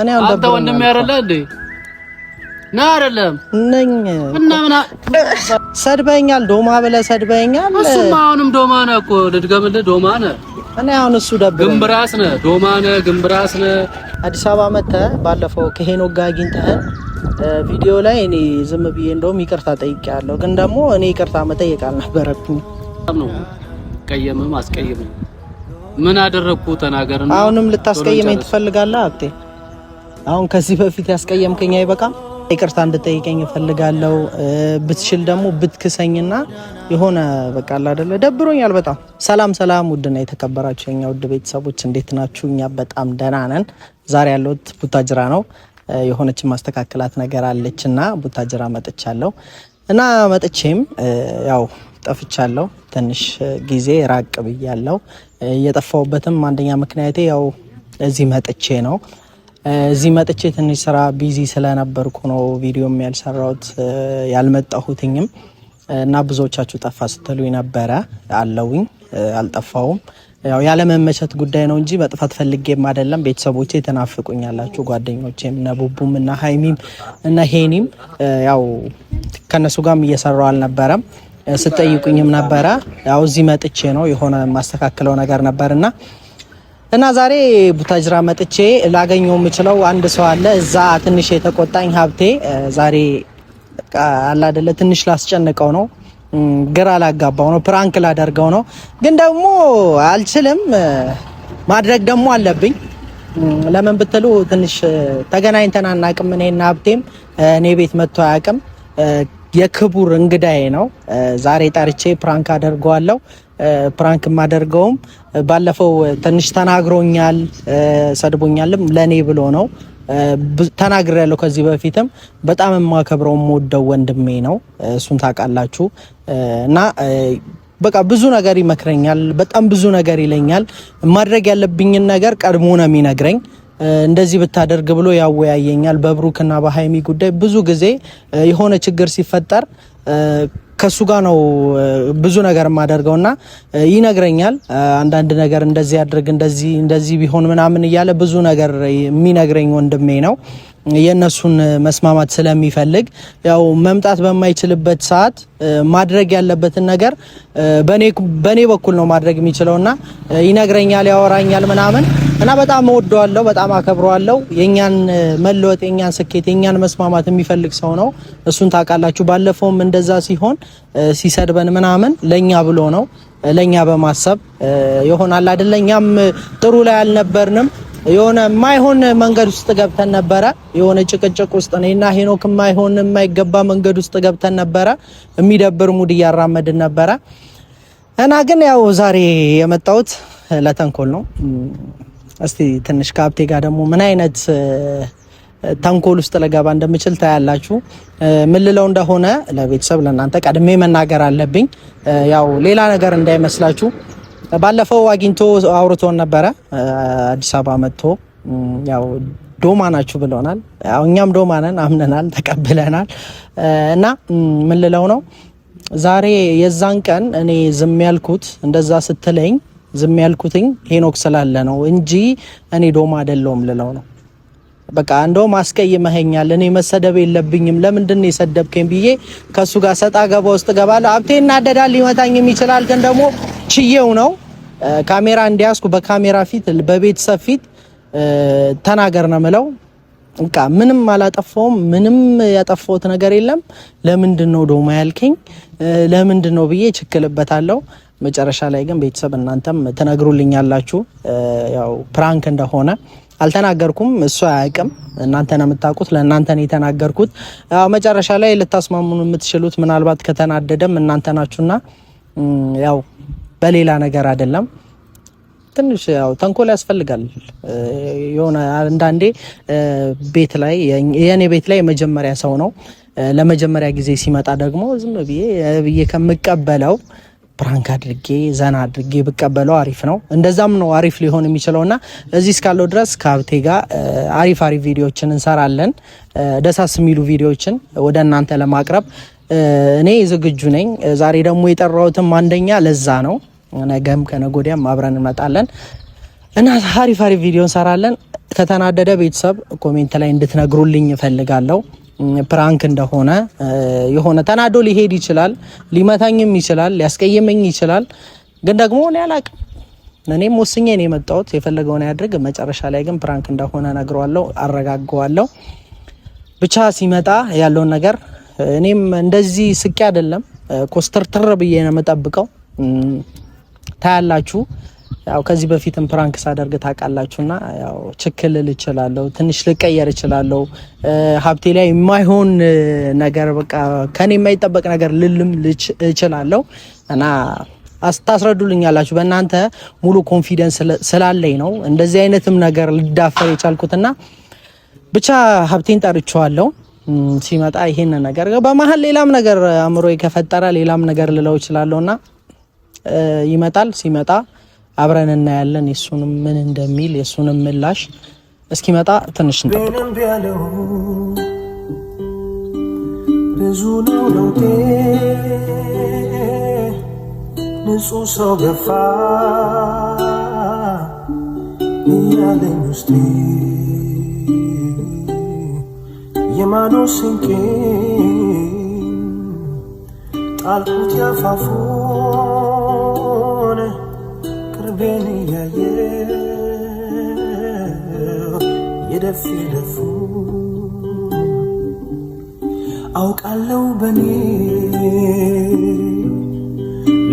እኔ አንተ ወንድም ያረላ እንዴ ና አይደለም ነኝ እና ምና ሰድበኛል። ዶማ ብለህ ሰድበኛል። እሱማ አሁንም ዶማ ነህ እኮ ልድገምልህ፣ ዶማ ነህ። እኔ አሁን እሱ ደብረኝ። ግንብራስ ነህ፣ ዶማ ነህ፣ ግንብራስ ነህ። አዲስ አበባ መጥተህ ባለፈው ከሄኖክ ጋር አግኝተህ ቪዲዮ ላይ እኔ ዝም ብዬ እንደውም ይቅርታ ጠይቄያለሁ፣ ግን ደግሞ እኔ ይቅርታ መጠየቅ አልነበረብኝ ነው። ቀየምም አስቀየምም ምን አደረግኩ? ተናገር። አሁንም ልታስቀይመኝ ትፈልጋለህ? አጤ? አሁን ከዚህ በፊት ያስቀየምከኝ አይበቃም? ይቅርታ እንድጠይቀኝ እፈልጋለሁ። ብትችል ደግሞ ብትክሰኝና የሆነ በቃ አይደለ ደብሮኛል በጣም። ሰላም ሰላም፣ ውድና የተከበራችሁ የኛ ውድ ቤተሰቦች እንዴት ናችሁ? እኛ በጣም ደህና ነን። ዛሬ ያለሁት ቡታጅራ ነው። የሆነች ማስተካከላት ነገር አለች እና ቡታጅራ መጥቻለሁ እና መጥቼም ያው ጠፍቻለሁ። ትንሽ ጊዜ ራቅ ብያለሁ። የጠፋሁበትም አንደኛ ምክንያቴ ያው እዚህ መጥቼ ነው እዚህ መጥቼ ትንሽ ስራ ቢዚ ስለነበርኩ ነው ቪዲዮም ያልሰራሁት ያልመጣሁትኝም እና ብዙዎቻችሁ ጠፋ ስትሉኝ ነበረ። አለውኝ አልጠፋውም። ያው ያለመመቸት ጉዳይ ነው እንጂ መጥፋት ፈልጌም አይደለም። ቤተሰቦቼ ያላችሁ ጓደኞቼም እነ ቡቡም እና ሀይሚም እና ሄኒም ያው ከነሱ ጋም እየሰራው አልነበረም። ስጠይቁኝም ነበረ። ያው እዚህ መጥቼ ነው የሆነ ማስተካከለው ነገር ነበርና እና ዛሬ ቡታጅራ መጥቼ ላገኘው የምችለው አንድ ሰው አለ። እዛ ትንሽ የተቆጣኝ ሀብቴ ዛሬ አላደለ ትንሽ ላስጨንቀው ነው፣ ግራ ላጋባው ነው፣ ፕራንክ ላደርገው ነው። ግን ደግሞ አልችልም፣ ማድረግ ደግሞ አለብኝ። ለምን ብትሉ ትንሽ ተገናኝተን አናውቅም። እኔና ሀብቴም እኔ ቤት መጥቶ አያውቅም። የክቡር እንግዳዬ ነው። ዛሬ ጠርቼ ፕራንክ አደርገዋለሁ። ፕራንክ የማደርገውም ባለፈው ትንሽ ተናግሮኛል፣ ሰድቦኛልም ለእኔ ብሎ ነው ተናግር ያለው። ከዚህ በፊትም በጣም የማከብረው የምወደው ወንድሜ ነው። እሱን ታውቃላችሁ እና በቃ ብዙ ነገር ይመክረኛል፣ በጣም ብዙ ነገር ይለኛል። ማድረግ ያለብኝን ነገር ቀድሞ ነው የሚነግረኝ። እንደዚህ ብታደርግ ብሎ ያወያየኛል። በብሩክና በሀይሚ ጉዳይ ብዙ ጊዜ የሆነ ችግር ሲፈጠር ከሱ ጋር ነው ብዙ ነገር የማደርገው እና ይነግረኛል። አንዳንድ ነገር እንደዚህ ያድርግ እንደዚህ እንደዚህ ቢሆን ምናምን እያለ ብዙ ነገር የሚነግረኝ ወንድሜ ነው። የእነሱን መስማማት ስለሚፈልግ ያው መምጣት በማይችልበት ሰዓት ማድረግ ያለበትን ነገር በእኔ በኩል ነው ማድረግ የሚችለው እና ይነግረኛል፣ ያወራኛል ምናምን እና በጣም እወደዋለሁ፣ በጣም አከብረዋለሁ። የእኛን መለወጥ፣ የእኛን ስኬት፣ የእኛን መስማማት የሚፈልግ ሰው ነው። እሱን ታውቃላችሁ። ባለፈውም እንደዛ ሲሆን ሲሰድበን ምናምን ለእኛ ብሎ ነው ለእኛ በማሰብ ይሆናል አይደለ? እኛም ጥሩ ላይ አልነበርንም። የሆነ የማይሆን መንገድ ውስጥ ገብተን ነበረ። የሆነ ጭቅጭቅ ውስጥ እና ሄኖክ የማይሆን የማይገባ መንገድ ውስጥ ገብተን ነበረ። የሚደብር ሙድ እያራመድን ነበረ እና ግን ያው ዛሬ የመጣሁት ለተንኮል ነው። እስቲ ትንሽ ከሀብቴ ጋር ደግሞ ምን አይነት ተንኮል ውስጥ ልገባ እንደምችል ታያላችሁ። ምልለው እንደሆነ ለቤተሰብ ለእናንተ ቀድሜ መናገር አለብኝ። ያው ሌላ ነገር እንዳይመስላችሁ ባለፈው አግኝቶ አውርቶን ነበረ። አዲስ አበባ መጥቶ ያው ዶማ ናችሁ ብለናል። እኛም ዶማ ነን አምነናል፣ ተቀብለናል። እና ምን ልለው ነው ዛሬ የዛን ቀን እኔ ዝም ያልኩት እንደዛ ስትለኝ ዝም ያልኩትኝ ሄኖክ ስላለ ነው እንጂ እኔ ዶማ አይደለሁም ልለው ነው። በቃ እንደውም አስቀይመኸኛል፣ እኔ መሰደብ የለብኝም ለምንድን ነው የሰደብከኝ ብዬ ከእሱ ጋር ሰጣ ገባ ውስጥ ገባለሁ። ሀብቴ እናደዳል፣ ሊመታኝም ይችላል ግን ደግሞ ችየው ነው ካሜራ እንዲያስኩ በካሜራ ፊት በቤተሰብ ፊት ተናገር ነው ምለው። በቃ ምንም አላጠፋውም። ምንም ያጠፋሁት ነገር የለም። ለምንድን ነው ዶማ ያልከኝ? ለምንድን ነው ብዬ ችክልበታለሁ። መጨረሻ ላይ ግን ቤተሰብ እናንተም ትነግሩልኛላችሁ ያው ፕራንክ እንደሆነ አልተናገርኩም። እሱ አያውቅም። እናንተ ነው የምታውቁት። ለእናንተ ነው የተናገርኩት። ያው መጨረሻ ላይ ልታስማሙን የምትችሉት ምናልባት ከተናደደም እናንተ ናችሁና ያው በሌላ ነገር አይደለም። ትንሽ ያው ተንኮል ያስፈልጋል። የሆነ አንዳንዴ ቤት ላይ የእኔ ቤት ላይ የመጀመሪያ ሰው ነው። ለመጀመሪያ ጊዜ ሲመጣ ደግሞ ዝም ብዬ ብዬ ከምቀበለው ፕራንክ አድርጌ ዘና አድርጌ ብቀበለው አሪፍ ነው። እንደዛም ነው አሪፍ ሊሆን የሚችለውና እዚህ እስካለው ድረስ ከሀብቴ ጋር አሪፍ አሪፍ ቪዲዮዎችን እንሰራለን። ደሳስ የሚሉ ቪዲዮዎችን ወደ እናንተ ለማቅረብ እኔ ዝግጁ ነኝ። ዛሬ ደግሞ የጠራሁትም አንደኛ ለዛ ነው። ነገም ከነጎዲያም አብረን እንመጣለን እና ሀሪፍ ሀሪፍ ቪዲዮ እንሰራለን። ከተናደደ ቤተሰብ ኮሜንት ላይ እንድትነግሩልኝ እፈልጋለሁ። ፕራንክ እንደሆነ የሆነ ተናዶ ሊሄድ ይችላል፣ ሊመታኝም ይችላል፣ ሊያስቀይመኝ ይችላል። ግን ደግሞ እኔ አላቅም። እኔም ወስኜ ነው የመጣሁት። የፈለገውን ያድርግ። መጨረሻ ላይ ግን ፕራንክ እንደሆነ ነግረዋለሁ፣ አረጋግዋለሁ። ብቻ ሲመጣ ያለውን ነገር እኔም እንደዚህ ስቄ አይደለም ትር ብዬ ነው የምጠብቀው። ታያላችሁ። ያው ከዚህ በፊትም ፕራንክ ሳደርግ ታውቃላችሁና ያው ችክል እችላለሁ፣ ትንሽ ልቀየር እችላለሁ። ሀብቴ ላይ የማይሆን ነገር በቃ ከኔ የማይጠበቅ ነገር ልልም እችላለሁ እና ታስረዱልኛላችሁ። በእናንተ ሙሉ ኮንፊደንስ ስላለኝ ነው እንደዚህ አይነትም ነገር ልዳፈር የቻልኩትና ብቻ ሀብቴን ጠርቼዋለሁ። ሲመጣ ይሄንን ነገር በመሀል ሌላም ነገር አእምሮ ከፈጠረ ሌላም ነገር ልለው እችላለሁ እና ይመጣል። ሲመጣ አብረን እናያለን የእሱንም ምን እንደሚል የእሱንም ምላሽ እስኪመጣ ትንሽ እንጠብቀው። ብዙ ነው ለውጤ ንጹህ ሰው ገፋ እያለኝ ውስጤ የማኖ ስንቄ ጣልኩት ያፋፉን ቅርቤን እያየ የደፍ የደፉ አውቃለሁ በኔ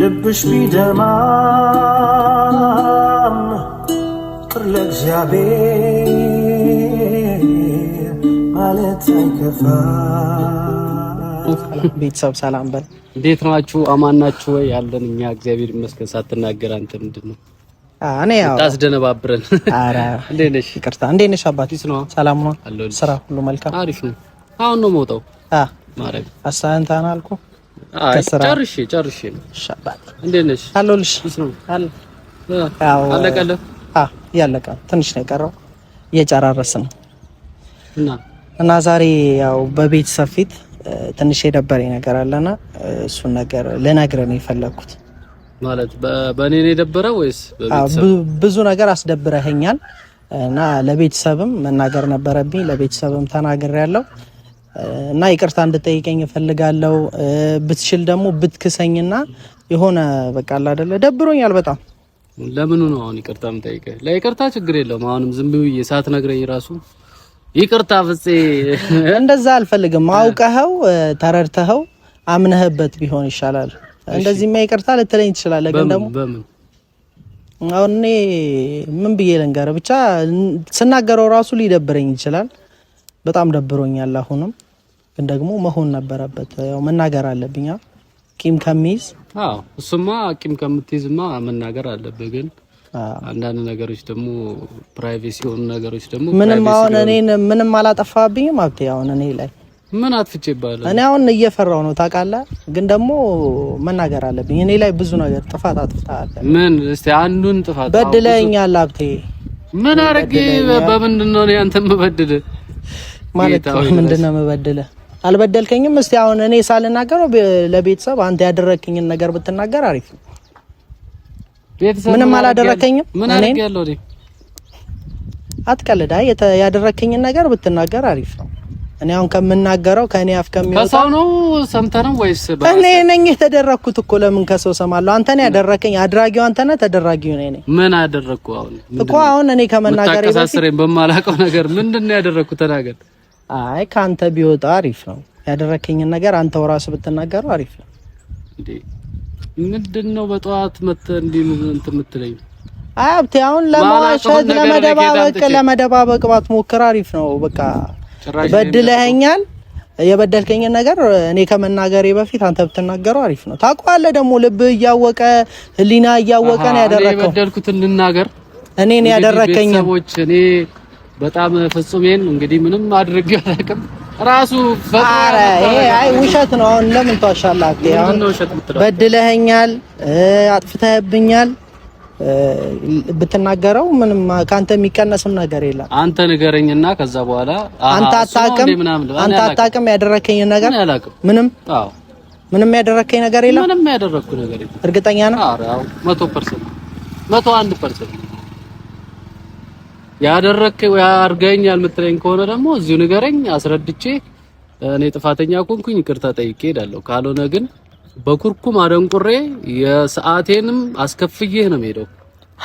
ልብሽ ቢደማም ቅር ለእግዚአብሔር ቤተሰብ ሰላም በል። እንዴት ናችሁ? አማን ናችሁ ወይ? ያለን እኛ እግዚአብሔር ይመስገን። ሳትናገር አንተ ምንድን ነው እኔ ያው ታስደነባብረን። ኧረ እንዴት ነሽ? ይቅርታ። እንዴት ነሽ አባቴ? ሰላም ነው? ስራ ሁሉ መልካም? አሪፍ ነው። አሁን ነው የምወጣው። ማረግ አሳንታን አልኩ። አይ ጨርሼ ጨርሼ ነው። እንዴት ነሽ? አለሁልሽ። አለቀለ። አዎ ትንሽ ነው የቀረው። እየጨራረስን ነው እና እና ዛሬ ያው በቤተሰብ ፊት ትንሽ የደበረኝ ነገር አለና እሱን ነገር ልነግርህ ነው የፈለግኩት። ማለት በእኔ ነው የደበረ ወይስ ብዙ ነገር አስደብረህኛል፣ እና ለቤተሰብም መናገር ነበረብኝ። ለቤተሰብም ተናግር ያለው እና ይቅርታ እንድጠይቀኝ እፈልጋለሁ። ብትችል ደግሞ ብትክሰኝና የሆነ በቃ አለ አይደለ፣ ደብሮኛል በጣም ለምኑ ነው አሁን ይቅርታ የምጠይቀህ? ለይቅርታ ችግር የለውም አሁንም ዝም ብዬ ሳትነግረኝ ራሱ ይቅርታ ፍፄ፣ እንደዛ አልፈልግም። አውቀኸው ተረድተኸው አምነህበት ቢሆን ይሻላል። እንደዚህማ ይቅርታ ልትለኝ ትችላለህ፣ ግን ደግሞ አሁን እኔ ምን ብዬ ልንገርህ? ብቻ ስናገረው ራሱ ሊደብረኝ ይችላል። በጣም ደብሮኛል። አሁንም ግን ደግሞ መሆን ነበረበት። ያው መናገር አለብኝ ቂም ከሚይዝ። አዎ እሱማ ቂም ከምትይዝማ መናገር አለብህ ግን አንዳንድ ነገሮች ደግሞ ፕራይቬሲ የሆኑ ነገሮች ደግሞ ምንም አሁን እኔን ምንም አላጠፋብኝም። ሀብቴ አሁን እኔ ላይ ምን አጥፍቼ ይባላል? እኔ አሁን እየፈራው ነው ታውቃለህ። ግን ደግሞ መናገር አለብኝ። እኔ ላይ ብዙ ነገር ጥፋት አጥፍተሃል። ምን እስቲ አንዱን ጥፋት በድለኛል ሀብቴ። ምን አድርጌ በምንድን ነው ያንተ መበድል ማለት ምንድን ነው መበድል? አልበደልከኝም። እስቲ አሁን እኔ ሳልናገረው ለቤተሰብ አንተ ያደረክኝን ነገር ብትናገር አሪፍ ነው። ምንም አላደረከኝም። ምን አድርጌያለሁ? አትቀልዳ። ያደረከኝን ነገር ብትናገር አሪፍ ነው። እኔ አሁን ከምናገረው ከእኔ አፍ ከሚወጣ ከሰው ነው ሰምተንም ወይስ እኔ ነኝ የተደረግኩት? እኮ ለምን ከሰው ሰማለሁ? አንተ ነህ ያደረከኝ። አድራጊው አንተ ነህ፣ ተደራጊው ነኝ እኔ ምን አደረግኩ? አሁን እኮ አሁን እኔ ከመናገር ይበሳስረኝ በማላውቀው ነገር ምንድን ነው ያደረግኩት? ተናገር። አይ ከአንተ ቢወጣ አሪፍ ነው። ያደረከኝን ነገር አንተው ራስህ ብትናገረው አሪፍ ነው። እንዴ ምንድን ነው በጠዋት መተህ እንዲህ እንትን የምትለኝ? አይ ሀብቴ፣ አሁን ለመዋሸት ለመደባበቅ ለመደባበቅ ባትሞክር አሪፍ ነው። በቃ በድለኸኛል። የበደልከኝን ነገር እኔ ከመናገሬ በፊት አንተ ብትናገረው አሪፍ ነው። ታውቀዋለህ ደግሞ ልብ እያወቀ ህሊና እያወቀ ነው ያደረከው። የበደልኩትን ልናገር እኔ ነው ያደረከኝ። ሰዎች እኔ በጣም ፍጹሜን እንግዲህ ምንም አድርጌ አላውቅም ራሱ ኧረ ይሄ አይ ውሸት ነው። አሁን ለምን ተዋሻላችሁ? አሁን በድለኸኛል፣ አጥፍተህብኛል ብትናገረው ምንም ከአንተ የሚቀነስም ነገር የለም። አንተ ንገረኝና ከዛ በኋላ አንተ አታውቅም፣ አንተ አታውቅም ያደረከኝ ነገር ምንም አዎ ምንም ያደረከኝ ነገር የለም። ምንም ያደረኩ ነገር የለም። እርግጠኛ ነህ? አዎ 100% 101% ያደረከው ያርገኛል የምትለኝ ከሆነ ደግሞ እዚሁ ንገረኝ፣ አስረድቼ እኔ ጥፋተኛ ኮንኩኝ ይቅርታ ጠይቄ ሄዳለሁ። ካልሆነ ግን በኩርኩም አደንቁሬ የሰዓቴንም አስከፍዬ ነው የምሄደው።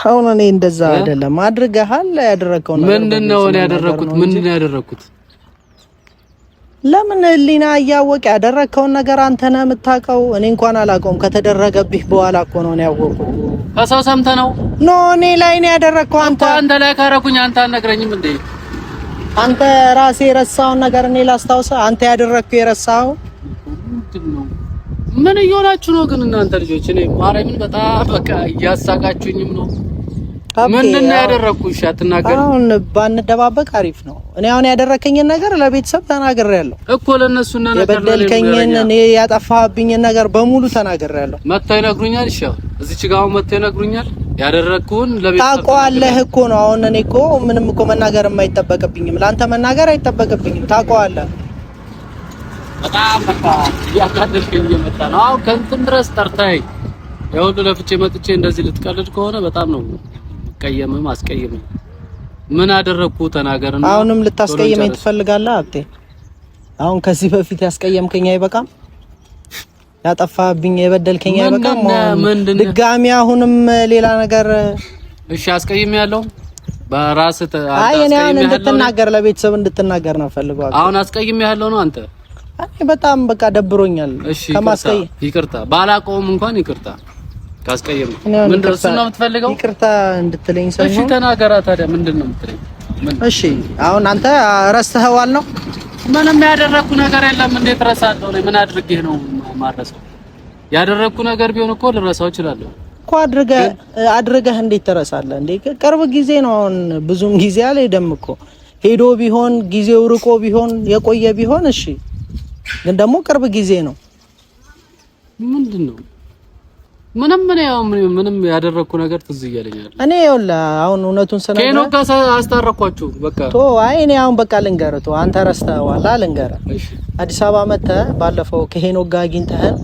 አሁን እኔ እንደዛ አይደለም አድርገሃል። ያደረከው ምንድነው? እኔ ያደረኩት ነው ያደረኩት ለምን ህሊና እያወቅ ያደረግከውን ነገር አንተ ነህ የምታውቀው። እኔ እንኳን አላውቀውም። ከተደረገብህ በኋላ እኮ ነው ያወቁ። ከሰው ሰምተ ነው? ኖ እኔ ላይ ነው ያደረግከው። አንተ አንተ ላይ ካረኩኝ አንተ አልነግረኝም እንዴ? አንተ ራሴ የረሳውን ነገር እኔ ላስታውሰህ? አንተ ያደረግከው የረሳው ምን እየሆናችሁ ነው ግን እናንተ ልጆች? እኔ ማርያምን በጣም በቃ እያሳቃችሁኝም ነው ምንድን ነው ያደረግኩሽ? አትናገር። አሁን ባንደባበቅ አሪፍ ነው። እኔ አሁን ያደረከኝን ነገር ለቤተሰብ ተናግሬያለሁ እኮ ለነሱ እና ነገር የበደልከኝን እኔ ያጠፋብኝን ነገር በሙሉ ተናግሬያለሁ። መጥተው ይነግሩኛል። እሺ እዚች ጋር አሁን መጥተው ይነግሩኛል። ያደረግኩን ለቤተሰብ ታውቀዋለህ እኮ ነው። አሁን እኔ እኮ ምንም እኮ መናገር አይጠበቅብኝም። ለአንተ መናገር አይጠበቅብኝም። ታውቀዋለህ በጣም በቃ እያካደልከኝ እየመጣ ነው። አሁን ከእንትን ድረስ ጠርታኝ የሁሉ ለፍቼ መጥቼ እንደዚህ ልትቀልድ ከሆነ በጣም ነው አልቀየምም፣ አስቀየመኝ። ምን አደረግኩ? ተናገርና። አሁንም ልታስቀየመኝ ትፈልጋለህ? አጤ? አሁን ከዚህ በፊት ያስቀየምከኝ አይበቃም? ያጠፋብኝ የበደልከኝ አይበቃም? ድጋሚ አሁንም ሌላ ነገር እሺ፣ አስቀይሜ ያለው በራስ አይ፣ እኔ አሁን እንድትናገር ለቤተሰብ እንድትናገር ነው ፈልገው። አሁን አስቀይሜ ያለው ነው አንተ። አይ በጣም በቃ ደብሮኛል። ከማስቀይ ይቅርታ ባላቀውም እንኳን ይቅርታ ካስቀየም ምንድን ነው የምትፈልገው? ይቅርታ እንድትለኝ ሰው እሺ፣ ተናገራ። ታዲያ ምንድን ነው የምትለኝ? እሺ፣ አሁን አንተ ረስተኸዋል ነው? ምንም ያደረኩ ነገር የለም። እንዴት ረሳለሁ? እኔ ምን አድርጌ ነው ማረሰው? ያደረኩ ነገር ቢሆን እኮ ልረሳው እችላለሁ እኮ። አድርገህ አድርገህ እንዴት ትረሳለህ እንዴ? ቅርብ ጊዜ ነው። አሁን ብዙም ጊዜ አልሄደም እኮ ሄዶ ቢሆን ጊዜው ርቆ ቢሆን የቆየ ቢሆን እሺ፣ ግን ደግሞ ቅርብ ጊዜ ነው። ምንድን ነው ምንም ምን ያው ምንም ያደረኩ ነገር ትዝ እያለኛል። እኔ ይኸውልህ አሁን እውነቱን ሰና ከኖክ ጋር አስታረኳችሁ። በቃ ቶ አይ እኔ አሁን በቃ ልንገርህ፣ ቶ አንተ ረስተኸዋል። ልንገርህ አዲስ አበባ መጥተህ ባለፈው ከሄኖክ ጋር አግኝተህን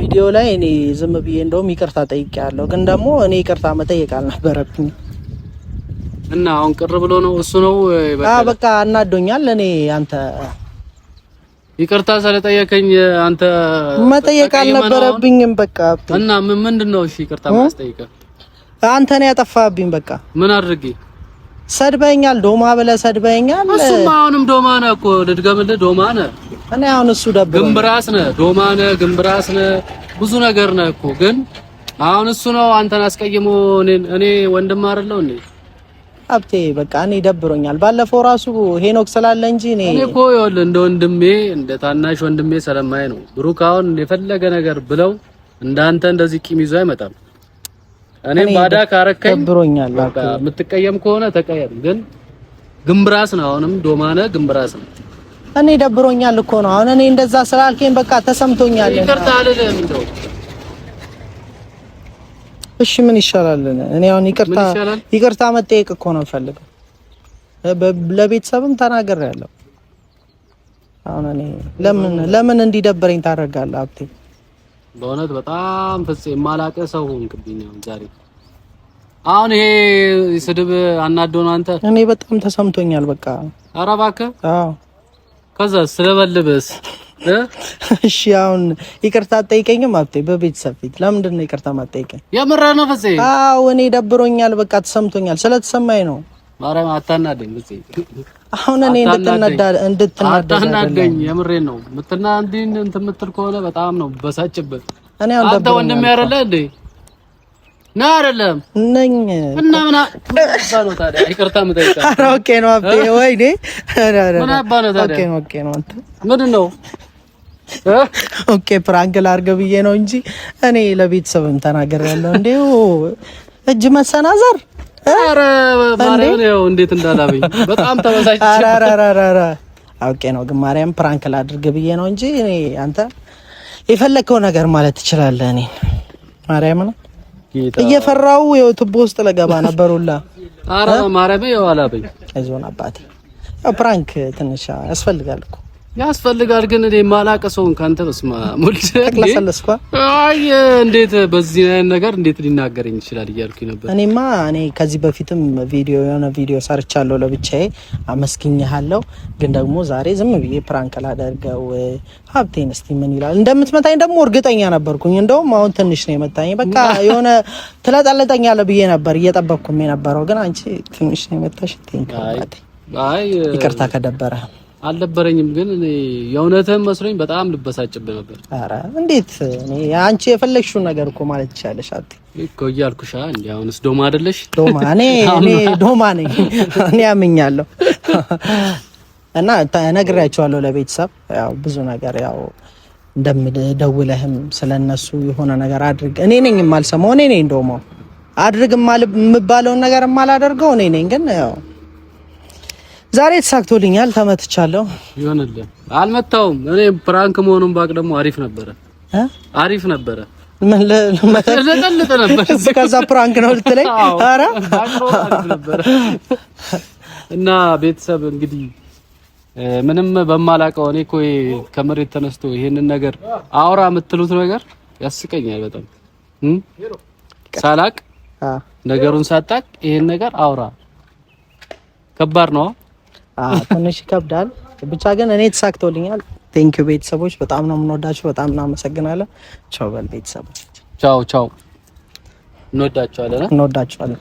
ቪዲዮ ላይ እኔ ዝም ብዬ እንደውም ይቅርታ ጠይቄያለሁ፣ ግን ደግሞ እኔ ይቅርታ መጠየቅ አልነበረብኝ እና አሁን ቅር ብሎ ነው እሱ ነው በቃ እናዶኛል እኔ አንተ ይቅርታ ስለጠየከኝ አንተ መጠየቅ አልነበረብኝም። በቃ እና ምን ምንድን ነው? እሺ ይቅርታ ማስጠይቀ አንተ ነው ያጠፋብኝ። በቃ ምን አድርጌ ሰድበኛል? ዶማ ብለህ ሰድበኛል። እሱማ አሁንም ዶማ ነህ እኮ ልድገምልህ፣ ዶማ ነህ። እኔ አሁን እሱ ደብ ግንብራስ ነህ፣ ዶማ ነህ፣ ግንብራስ ነህ፣ ብዙ ነገር ነህ እኮ ግን አሁን እሱ ነው አንተን አስቀይሞ እኔ እኔ ወንድም አይደለሁ እንዴ? ሀብቴ በቃ እኔ ደብሮኛል። ባለፈው ራሱ ሄኖክ ስላለ እንጂ እኔ እኔ እኮ ይኸውልህ እንደ ወንድሜ እንደ ታናሽ ወንድሜ ሰለማይ ነው ብሩክ። አሁን የፈለገ ነገር ብለው እንዳንተ እንደዚህ ቂም ይዞ አይመጣም። እኔም ባዳ ካረከኝ ደብሮኛል። በቃ የምትቀየም ከሆነ ተቀየም፣ ግን ግንብራስ ነው። አሁንም ዶማነ ግንብራስ ነው። እኔ ደብሮኛል እኮ ነው አሁን እኔ እንደዛ ስላልከኝ በቃ ተሰምቶኛል። ይቅርታ አልልህም እንደው እሺ ምን ይሻላል? እኔ አሁን ይቅርታ ይቅርታ መጠየቅ እኮ ነው የምፈልገው። ለቤተሰብም ተናገር ያለው አሁን እኔ ለምን ለምን እንዲደብረኝ ታደርጋለህ? ሀብቴ በእውነት በጣም ፍጽ የማላቀ ሰው ሆንክብኝ ዛሬ። አሁን ይሄ ስድብ አናዶና አንተ እኔ በጣም ተሰምቶኛል። በቃ ኧረ እባክህ። አዎ ከዛ ስለበልብስ እሺ አሁን ይቅርታ አትጠይቀኝም? ሀብቴ በቤተሰብ ፊት ለምንድን ነው ይቅርታ ማትጠይቀኝ? የምራ ነው ፈሴ? አዎ እኔ ደብሮኛል፣ በቃ ተሰምቶኛል፣ ስለተሰማኝ ነው። ማርያም አታናደኝ ፈሴ። አሁን እኔ እንድትናዳ እንድትናዳ አታናደኝ፣ የምሬ ነው። ምትና እንዲን እንትን የምትል ከሆነ በጣም ነው በሳጭበት። እኔ አሁን ደብሮኛል። አንተ ወንድም ያረለ እንዴ ና አይደለም ነኝ እና ምን አባ ነው ታዲያ? ይቅርታ የምጠይቀው ኦኬ ነው ሀብቴ። ወይኔ ምን አባ ነው ታዲያ? ኦኬ ነው ኦኬ ነው። አንተ ምንድን ነው ኦኬ ፕራንክ ላርገ ብዬ ነው እንጂ እኔ ለቤተሰብም ተናገር ያለው እንዴ እጅ መሰናዘር አረ ማርያም ነው እንዴት እንዳላበኝ በጣም ተበሳጭ። አረ አረ አረ አረ አውቄ ነው ግን ማርያም ፕራንክ ላድርግ ብዬ ነው እንጂ እኔ አንተ የፈለከው ነገር ማለት ትችላለህ። እኔ ማርያም ነው እየፈራው ይኸው ቱቦ ውስጥ ለገባ ነበር ሁላ። አረ ማርያም ይኸው አላበኝ። አይዞን አባቴ፣ ያው ፕራንክ ትንሽ ያስፈልጋል እኮ ያስፈልጋል ግን እኔ ማላቀ ሰውን ካንተ በስማ ሙልድ ተክለሰለስኳ አይ እንዴት በዚህ አይነት ነገር እንዴት ሊናገረኝ ይችላል እያልኩኝ ነበር። እኔማ እኔ ከዚህ በፊትም ቪዲዮ የሆነ ቪዲዮ ሰርቻለሁ ለብቻዬ አመስግኛለሁ። ግን ደግሞ ዛሬ ዝም ብዬ ፕራንክ ላደርገው ሀብቴን እስቲ ምን ይላል እንደምትመታኝ ደግሞ እርግጠኛ ነበርኩኝ። እንደውም አሁን ትንሽ ነው የመታኝ። በቃ የሆነ ትለጠለጠኛለህ ብዬ ነበር እየጠበቅኩም የነበረው ግን አንቺ ትንሽ ነው የመታሽ። ይቅርታ ከደበረ አልነበረኝም ግን እኔ የእውነትህን መስሎኝ በጣም ልበሳጭብህ ነበር። አረ እንዴት እኔ አንቺ የፈለግሽውን ነገር እኮ ማለት ትችያለሽ። አት እኮ እያልኩሽ እንዴ አሁንስ ዶማ አደለሽ? ዶማ እኔ እኔ ዶማ ነኝ እኔ ያምኛለሁ። እና ነግሬያቸዋለሁ ለቤተሰብ ያው ብዙ ነገር ያው እንደምደውለህም ስለነሱ የሆነ ነገር አድርግ እኔ ነኝ የማልሰማው እኔ ነኝ ዶማ አድርግ የምባለውን ነገር የማላደርገው እኔ ነኝ ግን ያው ዛሬ ተሳክቶልኛል። ተመትቻለሁ። ይሆንልን። አልመታውም። እኔ ፕራንክ መሆኑን ባቅ ደግሞ አሪፍ ነበረ፣ አሪፍ ነበረ። ምን ለለጠለጠ ከዛ ፕራንክ ነው ልትለኝ? ኧረ እና ቤተሰብ እንግዲህ ምንም በማላውቀው እኔ እኮ ከመሬት ተነስቶ ይሄንን ነገር አውራ የምትሉት ነገር ያስቀኛል በጣም ሳላቅ ነገሩን ሳጣቅ ይሄን ነገር አውራ ከባድ ነው። ትንሽ ይከብዳል። ብቻ ግን እኔ ተሳክቶልኛል። ቴንኪዩ ቤተሰቦች፣ በጣም ነው የምንወዳቸው፣ በጣም እናመሰግናለን። ቻው በል ቤተሰቦች፣ ቻው ቻው። እንወዳቸዋለን፣ እንወዳቸዋለን።